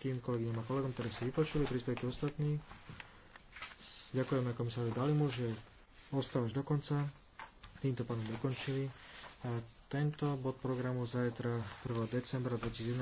všetkým kolegyňam a kolegom, ktorí si vypočuli príspevky ostatných. Ďakujeme komisárovi Dalimu, že ostal až do konca. Týmto pánom dokončili. A tento bod programu zajtra 1. decembra 2011